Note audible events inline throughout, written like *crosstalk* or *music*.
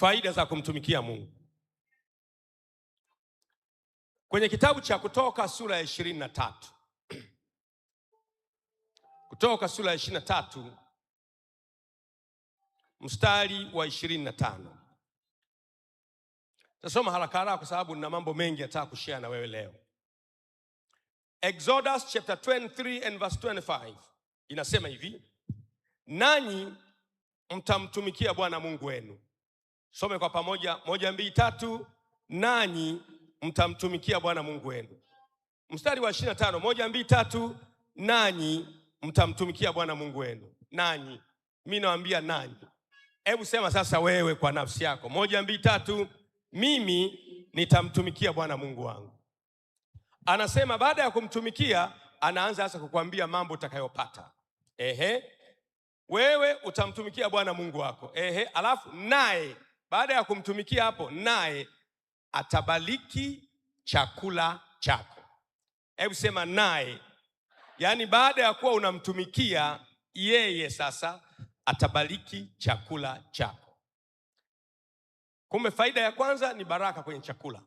faida za kumtumikia Mungu. Kwenye kitabu cha Kutoka sura ya ishirini na tatu *clears throat* Kutoka sura ya ishirini na tatu mstari wa ishirini na tano Tasoma haraka haraka kwa sababu nina mambo mengi nataka kushare na wewe leo. Exodus chapter 23 and verse 25 inasema hivi, nanyi mtamtumikia Bwana Mungu wenu Some kwa pamoja, moja, mbili, tatu. Nanyi mtamtumikia Bwana Mungu wenu. Mstari wa ishirini tano. Moja, mbili, tatu. Nanyi mtamtumikia Bwana Mungu wenu. Nanyi, mi nawaambia nanyi. Hebu sema sasa wewe kwa nafsi yako, moja, mbili, tatu, mimi nitamtumikia Bwana Mungu wangu. Anasema baada ya kumtumikia, anaanza sasa kukuambia mambo utakayopata. Ehe, wewe utamtumikia Bwana Mungu wako. Ehe, alafu naye baada ya kumtumikia hapo, naye atabaliki chakula chako. Hebu sema naye, yaani baada ya kuwa unamtumikia yeye, sasa atabaliki chakula chako. Kumbe faida ya kwanza ni baraka kwenye chakula.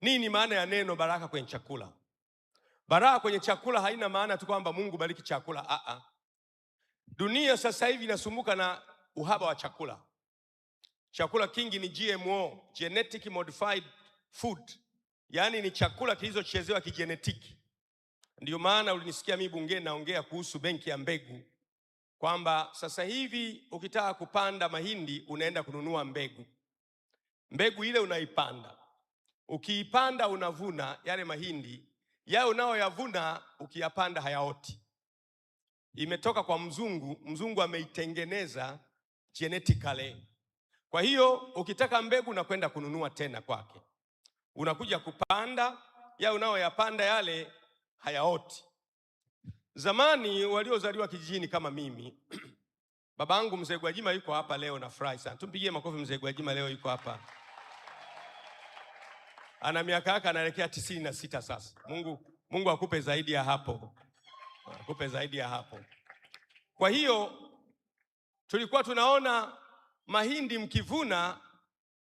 Nini maana ya neno baraka kwenye chakula? Baraka kwenye chakula haina maana tu kwamba Mungu bariki chakula. Ah, ah. dunia sasa hivi inasumbuka na uhaba wa chakula. Chakula kingi ni GMO, genetic modified food, yaani ni chakula kilichochezewa kijenetiki. Ndiyo maana ulinisikia mimi bungeni naongea kuhusu benki ya mbegu kwamba sasa hivi ukitaka kupanda mahindi unaenda kununua mbegu, mbegu ile unaipanda, ukiipanda unavuna yale mahindi, yale unayoyavuna ukiyapanda hayaoti. Imetoka kwa mzungu, mzungu ameitengeneza genetically kwa hiyo ukitaka mbegu unakwenda kununua tena kwake, unakuja kupanda ya unayoyapanda yale hayaoti. Zamani waliozaliwa kijijini kama mimi *clears throat* babangu mzee Gwajima yuko hapa leo, nafurahi sana. Tumpigie makofi mzee Gwajima, leo yuko hapa, ana miaka yake anaelekea tisini na sita sasa. Mungu, Mungu akupe zaidi ya hapo, akupe zaidi ya hapo. Kwa hiyo tulikuwa tunaona mahindi mkivuna,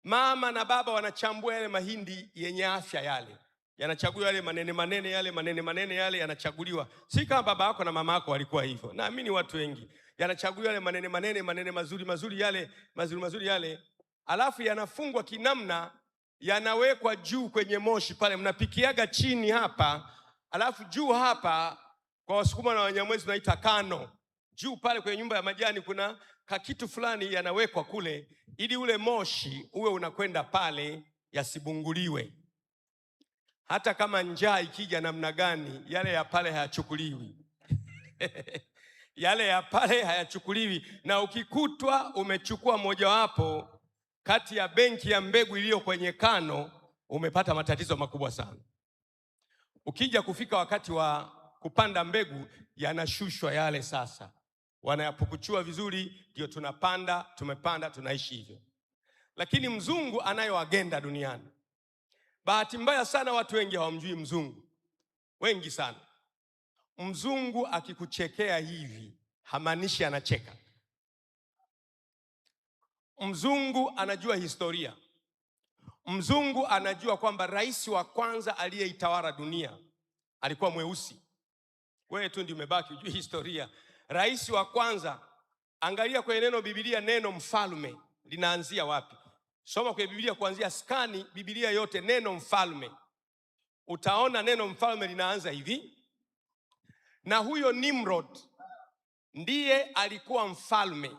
mama na baba wanachambua yale mahindi yenye afya, yale yanachaguliwa, yale manene manene, yale manene manene, yale yanachaguliwa. Si kama baba yako na mama yako walikuwa hivyo, naamini watu wengi, yanachaguliwa yale manene manene, manene mazuri mazuri, yale mazuri mazuri yale, alafu yanafungwa kinamna, yanawekwa juu kwenye moshi pale. Mnapikiaga chini hapa, alafu juu hapa, kwa Wasukuma na Wanyamwezi tunaita kano juu pale kwenye nyumba ya majani kuna kakitu fulani yanawekwa kule, ili ule moshi uwe unakwenda pale, yasibunguliwe. Hata kama njaa ikija namna gani, yale ya pale hayachukuliwi *laughs* yale ya pale hayachukuliwi. Na ukikutwa umechukua mojawapo kati ya benki ya mbegu iliyo kwenye kano, umepata matatizo makubwa sana. Ukija kufika wakati wa kupanda mbegu, yanashushwa yale sasa wanayapukuchua vizuri, ndio tunapanda, tumepanda, tunaishi hivyo. Lakini mzungu anayo agenda duniani. Bahati mbaya sana, watu wengi hawamjui mzungu, wengi sana. Mzungu akikuchekea hivi hamaanishi anacheka. Mzungu anajua historia. Mzungu anajua kwamba rais wa kwanza aliyeitawala dunia alikuwa mweusi. Wewe tu ndio umebaki ujui historia rais wa kwanza. Angalia kwenye neno Biblia, neno mfalme linaanzia wapi? Soma kwenye Biblia kuanzia, skani Biblia yote, neno mfalme, utaona neno mfalme linaanza hivi, na huyo Nimrod ndiye alikuwa mfalme,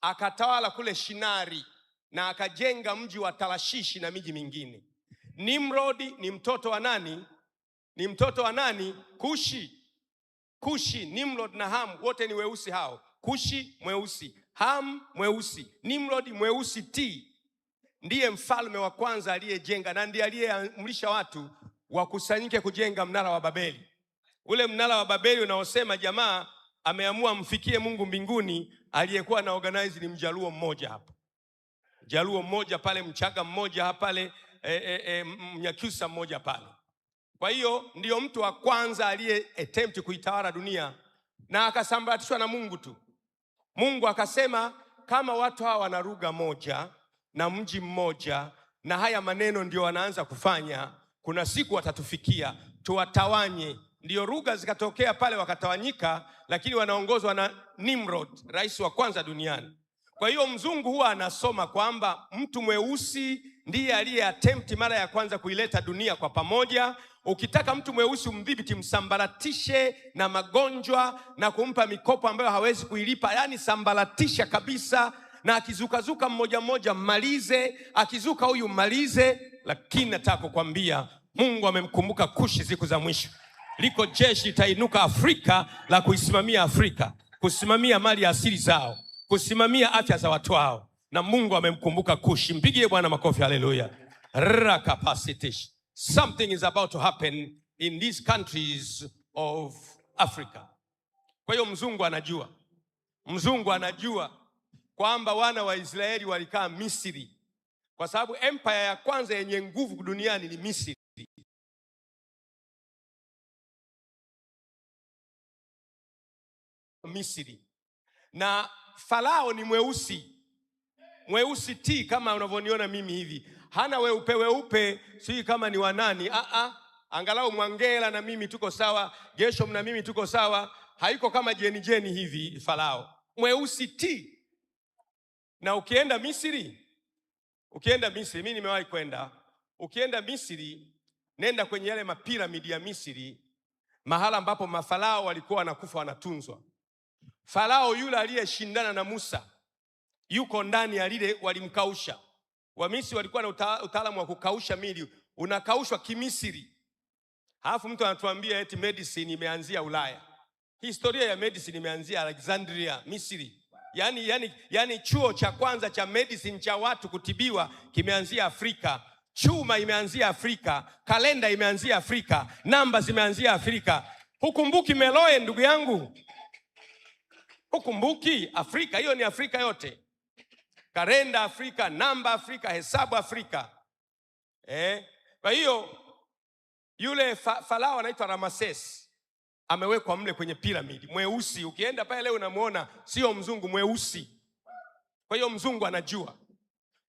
akatawala kule Shinari na akajenga mji wa tarashishi na miji mingine. nimrod ni mtoto wa nani? Ni mtoto wa nani? Kushi. Kushi, Nimrod na Ham wote ni weusi hao. Kushi mweusi, Ham mweusi, Nimrod mweusi ti ndiye mfalme wa kwanza aliyejenga na ndiye aliyeamrisha watu wakusanyike kujenga mnara wa Babeli, ule mnara wa Babeli unaosema jamaa ameamua mfikie Mungu mbinguni, aliyekuwa na organize ni mjaluo mmoja hapo, jaluo mmoja pale, mchaga mmoja hapa pale, e, eh, e, eh, e, eh, mnyakyusa mmoja pale kwa hiyo ndiyo mtu wa kwanza aliye attempt kuitawala dunia na akasambaratishwa na Mungu tu. Mungu akasema kama watu hawa wana lugha moja na mji mmoja na haya maneno ndio wanaanza kufanya, kuna siku watatufikia, tuwatawanye. Ndiyo lugha zikatokea pale, wakatawanyika, lakini wanaongozwa na Nimrod, rais wa kwanza duniani. Kwa hiyo mzungu huwa anasoma kwamba mtu mweusi ndiye aliye attempt mara ya kwanza kuileta dunia kwa pamoja, Ukitaka mtu mweusi umdhibiti, msambaratishe na magonjwa na kumpa mikopo ambayo hawezi kuilipa, yaani sambaratisha kabisa, na akizukazuka mmoja mmoja mmalize, akizuka huyu mmalize. Lakini nataka kukwambia Mungu amemkumbuka Kushi siku za mwisho. Liko jeshi litainuka Afrika la kuisimamia Afrika, kusimamia mali ya asili zao, kusimamia afya za watu wao, na Mungu amemkumbuka Kushi. Mpigie Bwana makofi, haleluya! rakapasitishi something is about to happen in these countries of Africa. Kwa hiyo mzungu anajua, mzungu anajua kwamba wana wa Israeli walikaa Misri kwa sababu empire ya kwanza yenye nguvu duniani ni Misri. Misri na Farao ni mweusi mweusi ti kama unavyoniona mimi hivi hana weupe weupe, sii kama ni wanani. Aa, ah, ah. angalau Mwangela na mimi tuko sawa, Geshom na mimi tuko sawa, haiko kama jenijeni hivi Farao mweusi ti. Na ukienda Misri, ukienda Misri, mimi nimewahi kwenda. Ukienda Misri, nenda kwenye yale mapiramidi ya Misri, mahala ambapo mafarao walikuwa wanakufa wanatunzwa. Farao yule aliyeshindana na Musa yuko ndani ya lile walimkausha Wamisri walikuwa na utaalamu wa kukausha mili, unakaushwa kimisiri. Halafu mtu anatuambia eti medicine imeanzia Ulaya. Historia ya medicine imeanzia Alexandria, Misri. yani yani, yani chuo cha kwanza cha medicine cha watu kutibiwa kimeanzia Afrika. Chuma imeanzia Afrika, kalenda imeanzia Afrika, namba zimeanzia Afrika. Hukumbuki Meloe ndugu yangu? Hukumbuki Afrika? Hiyo ni Afrika yote kalenda Afrika, namba Afrika, hesabu Afrika. Eh? Kwa hiyo yule fa, farao anaitwa Ramses amewekwa mle kwenye piramidi, mweusi. Ukienda pale leo unamwona, sio mzungu, mweusi. Kwa hiyo mzungu anajua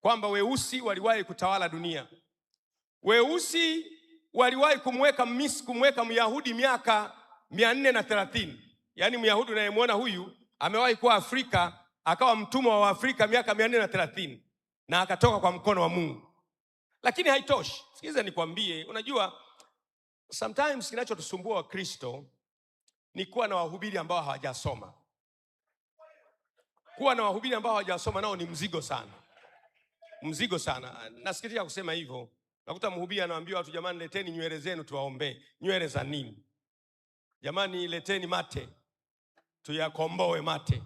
kwamba weusi waliwahi kutawala dunia, weusi waliwahi kumweka mis kumweka Myahudi miaka mia nne na thelathini. Yaani Myahudi unayemwona huyu amewahi kuwa Afrika akawa mtumwa wa Afrika miaka mia nne na thelathini na akatoka kwa mkono wa Mungu. Lakini haitoshi. sikiliza nikwambie, unajua sometimes kinachotusumbua Wakristo ni kuwa na wahubiri ambao hawajasoma. Kuwa na wahubiri ambao hawajasoma nao ni mzigo sana, mzigo sana. Nasikitika kusema hivyo. Nakuta mhubiri anawaambia watu, jamani, leteni nywele zenu tuwaombee. Nywele za nini? Jamani, leteni mate tuyakomboe mate.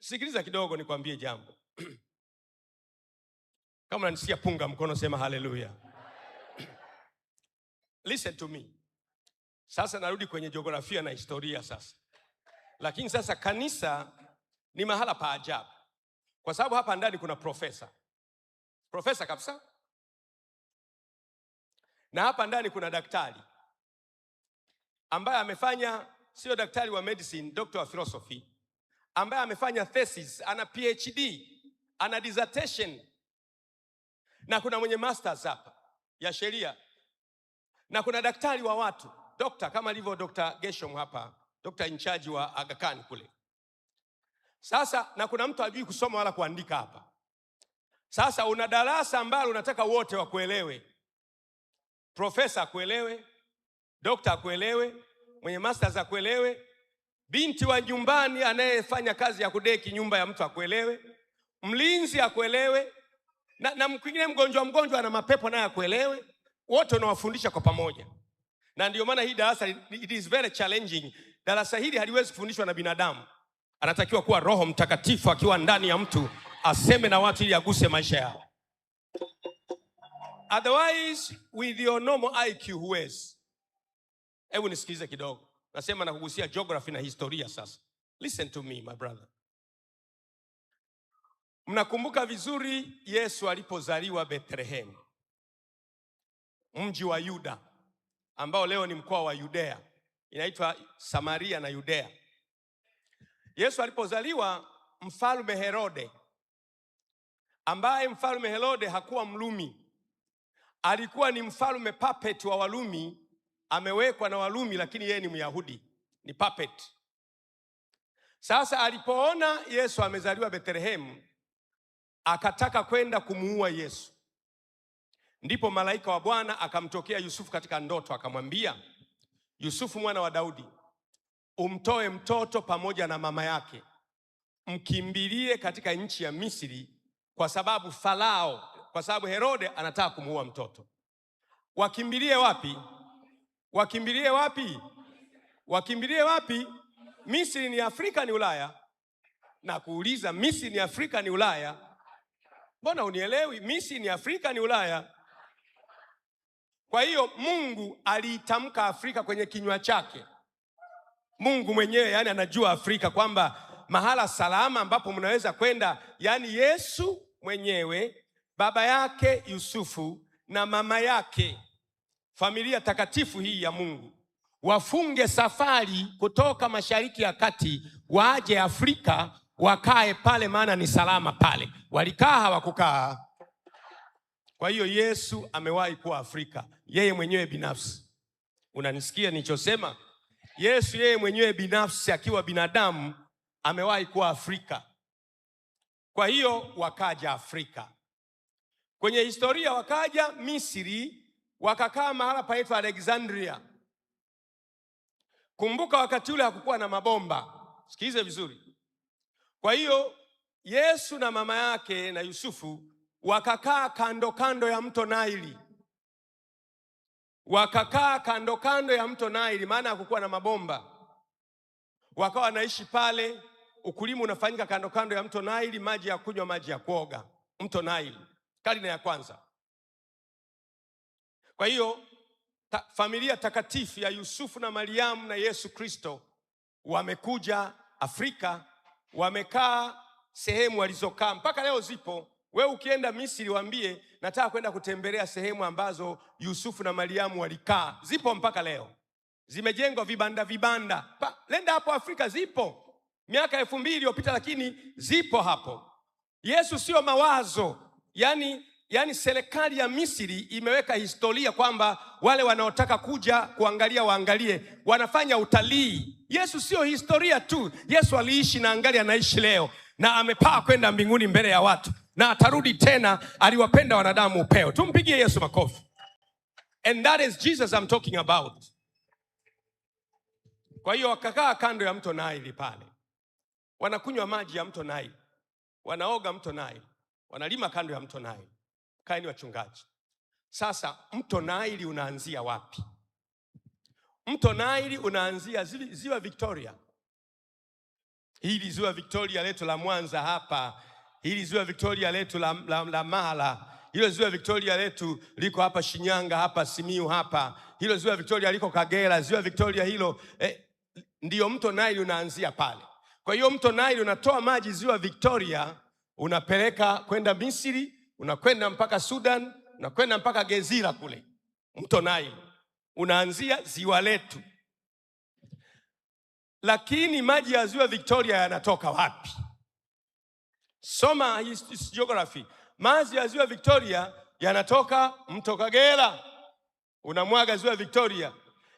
Sikiliza kidogo nikwambie jambo. *clears throat* Kama unanisikia punga mkono, sema haleluya. *clears throat* Listen to me. Sasa narudi kwenye jiografia na historia sasa, lakini sasa kanisa ni mahala pa ajabu, kwa sababu hapa ndani kuna profesa, profesa kabisa, na hapa ndani kuna daktari ambaye amefanya, sio daktari wa medicine, doctor wa philosophy ambaye amefanya thesis, ana PhD, ana dissertation na kuna mwenye masters hapa ya sheria na kuna daktari wa watu dokta, kama alivyo Dr. Geshom hapa, dokta incharge wa Aga Khan kule. Sasa na kuna mtu ajui kusoma wala kuandika hapa. Sasa una darasa ambalo unataka wote wakuelewe, profesa akuelewe, dokta akuelewe, mwenye masters akuelewe, binti wa nyumbani anayefanya kazi ya kudeki nyumba ya mtu akuelewe, mlinzi akuelewe, na, na mwingine mgonjwa mgonjwa ana mapepo naye akuelewe, wote unawafundisha kwa pamoja. Na ndio maana hii darasa it is very challenging. Darasa hili haliwezi kufundishwa na binadamu, anatakiwa kuwa Roho Mtakatifu akiwa ndani ya mtu aseme na watu ili aguse maisha yao. Otherwise with your normal IQ huwezi. Hebu nisikilize kidogo nasema na kugusia geography na historia sasa listen to me my brother mnakumbuka vizuri yesu alipozaliwa bethlehemu mji wa yuda ambao leo ni mkoa wa yudea inaitwa samaria na yudea yesu alipozaliwa mfalme herode ambaye mfalme herode hakuwa mlumi alikuwa ni mfalme papeti wa walumi amewekwa na walumi lakini yeye ni Myahudi, ni papet Sasa alipoona Yesu amezaliwa betlehemu akataka kwenda kumuua Yesu. Ndipo malaika wa Bwana akamtokea Yusufu katika ndoto, akamwambia, Yusufu mwana wa Daudi, umtoe mtoto pamoja na mama yake, mkimbilie katika nchi ya Misri, kwa sababu Farao, kwa sababu Herode anataka kumuua mtoto. Wakimbilie wapi? wakimbilie wapi? Wakimbilie wapi? Misri ni Afrika ni Ulaya? na kuuliza Misri ni Afrika ni Ulaya? Mbona unielewi? Misri ni Afrika ni Ulaya? Kwa hiyo Mungu aliitamka Afrika kwenye kinywa chake. Mungu mwenyewe yani anajua Afrika kwamba mahala salama ambapo mnaweza kwenda, yani Yesu mwenyewe, baba yake Yusufu na mama yake familia takatifu hii ya Mungu wafunge safari kutoka Mashariki ya Kati waje Afrika wakae pale, maana ni salama pale. Walikaa hawakukaa. Kwa hiyo Yesu amewahi kuwa Afrika yeye mwenyewe binafsi. Unanisikia nilichosema? Yesu yeye mwenyewe binafsi akiwa binadamu amewahi kuwa Afrika. Kwa hiyo wakaja Afrika, kwenye historia wakaja Misri wakakaa mahala paitwa Alexandria. Kumbuka wakati ule hakukuwa na mabomba, sikilize vizuri. Kwa hiyo Yesu na mama yake na Yusufu wakakaa kando kando ya mto Naili, wakakaa kando kando ya mto Naili, maana hakukuwa na mabomba. Wakawa wanaishi pale, ukulima unafanyika kando kando ya mto Naili, maji ya kunywa, maji ya kuoga, mto Naili, karne ya kwanza. Kwa hiyo ta, familia takatifu ya Yusufu na Mariamu na Yesu Kristo wamekuja Afrika, wamekaa sehemu walizokaa mpaka leo zipo. We ukienda Misri waambie nataka kwenda kutembelea sehemu ambazo Yusufu na Mariamu walikaa, zipo mpaka leo, zimejengwa vibanda vibanda pa, lenda hapo Afrika, zipo miaka elfu mbili iliyopita, lakini zipo hapo. Yesu sio mawazo, yani Yaani serikali ya Misri imeweka historia kwamba wale wanaotaka kuja kuangalia waangalie, wanafanya utalii. Yesu sio historia tu, Yesu aliishi na angali anaishi leo, na amepaa kwenda mbinguni mbele ya watu, na atarudi tena. Aliwapenda wanadamu upeo. Tumpigie Yesu makofi. And that is Jesus I'm talking about. Kwa hiyo wakakaa kando ya mto Naili pale, wanakunywa maji ya mto Naili, wanaoga mto Naili, wanalima kando ya mto Naili. Kaeni wachungaji. Sasa mto Naili unaanzia wapi? Mto Naili unaanzia ziwa Victoria. Hili ziwa Victoria letu la Mwanza hapa, hili ziwa Victoria letu la, la, la mala hilo ziwa Victoria letu liko hapa Shinyanga, hapa Simiu, hapa hilo ziwa Victoria liko Kagera, ziwa Victoria hilo eh, ndiyo mto Nile unaanzia pale. Kwa hiyo mto Nile unatoa maji ziwa Victoria unapeleka kwenda Misri unakwenda mpaka Sudan, unakwenda mpaka Gezira kule mto Nile, unaanzia ziwa letu. Lakini maji ya ziwa Victoria yanatoka wapi? Soma his geography. Maji ya ziwa Victoria yanatoka mto Kagera, unamwaga ziwa Victoria.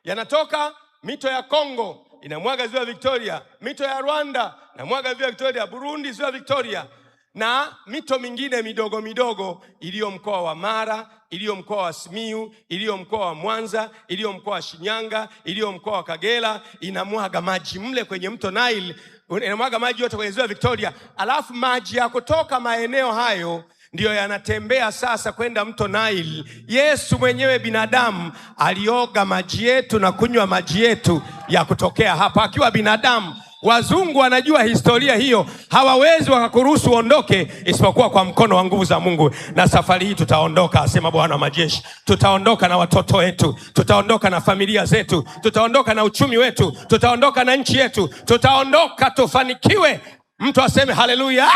Yanatoka mito ya Kongo, inamwaga ziwa Victoria. Mito ya Rwanda inamwaga ziwa Victoria. Burundi, ziwa Victoria na mito mingine midogo midogo iliyo mkoa wa Mara, iliyo mkoa wa Simiu, iliyo mkoa wa Mwanza, iliyo mkoa wa Shinyanga, iliyo mkoa wa Kagera, inamwaga maji mle kwenye mto Nile, inamwaga maji yote kwenye ziwa Victoria, alafu maji ya kutoka maeneo hayo ndiyo yanatembea sasa kwenda mto Nile. Yesu mwenyewe binadamu alioga maji yetu na kunywa maji yetu ya kutokea hapa akiwa binadamu. Wazungu wanajua historia hiyo, hawawezi wakakuruhusu uondoke isipokuwa kwa mkono wa nguvu za Mungu. Na safari hii tutaondoka, asema Bwana wa majeshi. Tutaondoka na watoto wetu, tutaondoka na familia zetu, tutaondoka na uchumi wetu, tutaondoka na nchi yetu, tutaondoka tufanikiwe. Mtu aseme haleluya,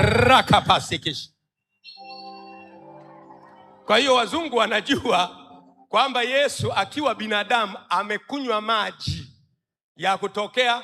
rakapasikish. Kwa hiyo wazungu wanajua kwamba Yesu akiwa binadamu amekunywa maji ya kutokea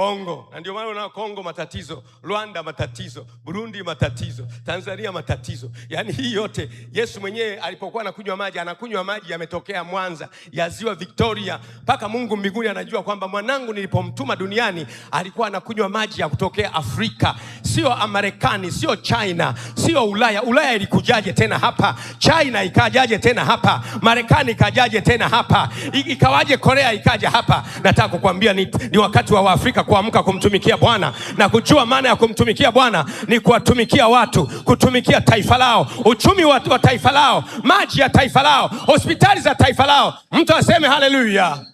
Kongo. Na ndio maana unaona Kongo matatizo, Rwanda matatizo, Burundi matatizo, Tanzania matatizo. Yaani hii yote Yesu mwenyewe alipokuwa anakunywa maji, anakunywa maji yametokea Mwanza, ya Ziwa Victoria, mpaka Mungu mbinguni anajua kwamba mwanangu nilipomtuma duniani alikuwa anakunywa maji ya kutokea Afrika, sio Amerikani, sio China, sio Ulaya. Ulaya ilikujaje tena hapa? China ikajaje tena hapa? Marekani ikajaje tena hapa? Ikawaje Korea ikaja hapa? Nataka kukwambia ni, ni wakati wa Waafrika kuamka kumtumikia Bwana na kujua maana ya kumtumikia Bwana ni kuwatumikia watu, kutumikia taifa lao, uchumi wa taifa lao, maji ya taifa lao, hospitali za taifa lao. Mtu aseme haleluya.